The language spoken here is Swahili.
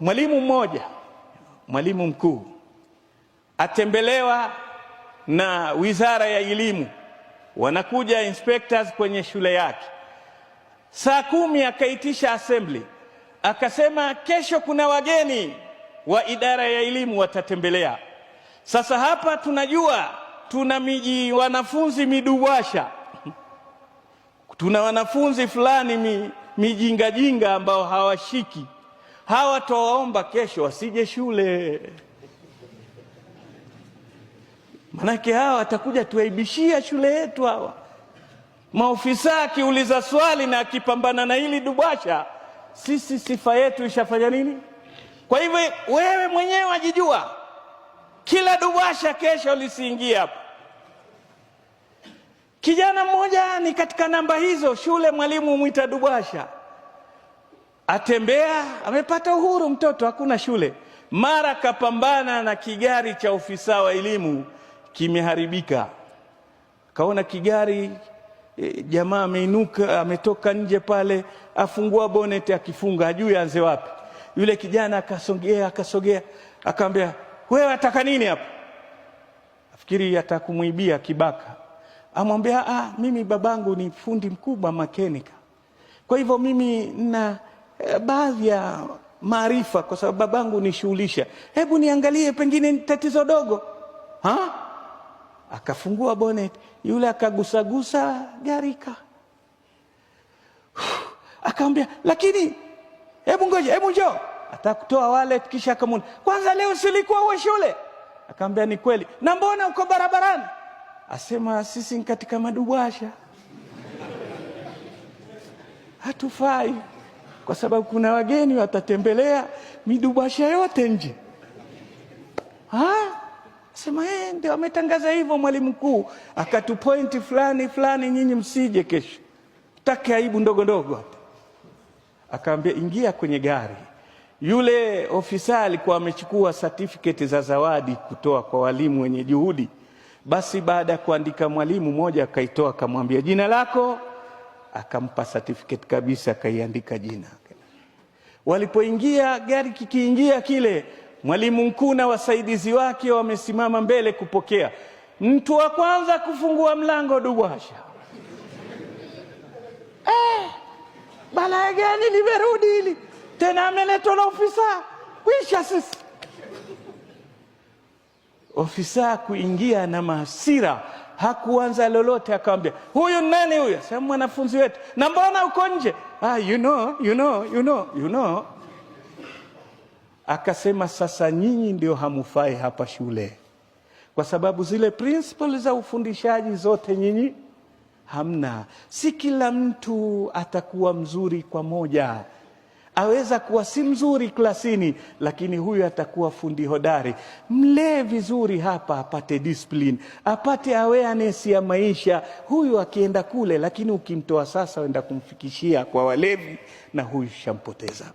Mwalimu mmoja, mwalimu mkuu atembelewa na Wizara ya Elimu, wanakuja inspectors kwenye shule yake saa kumi, akaitisha assembly, akasema kesho kuna wageni wa idara ya elimu watatembelea. Sasa hapa tunajua tuna miji wanafunzi midubwasha, tuna wanafunzi fulani mijingajinga ambao hawashiki hawa towaomba kesho wasije shule, manake hawa watakuja tuaibishia shule yetu. Hawa maofisa akiuliza swali na akipambana na hili dubasha sisi sifa yetu ishafanya nini? Kwa hivyo wewe mwenyewe wajijua, kila dubasha kesho lisiingia hapa. Kijana mmoja ni katika namba hizo shule, mwalimu mwita dubasha atembea, amepata uhuru mtoto, hakuna shule. Mara kapambana na kigari cha ofisa wa elimu kimeharibika, kaona kigari e, jamaa ameinuka, ametoka nje pale, afungua boneti, akifunga ajui anze wapi. Yule kijana akasogea, akasogea, akaambia wewe ataka nini hapa? Afikiri atakumwibia kibaka, amwambia ah, mimi babangu ni fundi mkubwa makenika, kwa hivyo mimi nna Eh, baadhi ya maarifa, kwa sababu babangu nishughulisha, hebu niangalie, pengine ni tatizo dogo ha? Akafungua bonnet yule akagusagusa garika, akaambia lakini, hebu ngoja, hebu njoo. Atakutoa wallet, kisha akamuna, kwanza leo silikuwa uwe shule? Akaambia ni kweli. Na mbona uko barabarani? Asema sisi ni katika madubasha hatufai kwa sababu kuna wageni watatembelea midubasha yote nje. Sema hey, eh, ndio ametangaza hivyo mwalimu mkuu akatupointi fulani fulani, nyinyi msije kesho, take aibu ndogo ndogo hapa. Akaambia ingia kwenye gari. Yule ofisa alikuwa amechukua certificate za zawadi kutoa kwa walimu wenye juhudi. Basi baada ya kuandika mwalimu mmoja akaitoa, akamwambia jina lako akampa certificate kabisa, akaiandika jina. Walipoingia gari kikiingia kile, mwalimu mkuu na wasaidizi wake wamesimama mbele kupokea. Mtu wa kwanza kufungua mlango Dubwasha. Eh, balaa gani limerudi hili tena, ameletwa na ofisa kwisha sisi ofisa kuingia na mahasira, hakuanza lolote, akamwambia huyu nani huyu? Sema mwanafunzi wetu. Na mbona uko nje? Ah, you know, you know, you know, you know. Akasema sasa nyinyi ndio hamufai hapa shule, kwa sababu zile principles za ufundishaji zote nyinyi hamna. Si kila mtu atakuwa mzuri kwa moja aweza kuwa si mzuri klasini, lakini huyu atakuwa fundi hodari. Mlee vizuri hapa, apate discipline, apate awareness ya maisha. Huyu akienda kule, lakini ukimtoa sasa, enda kumfikishia kwa walevi, na huyu shampoteza.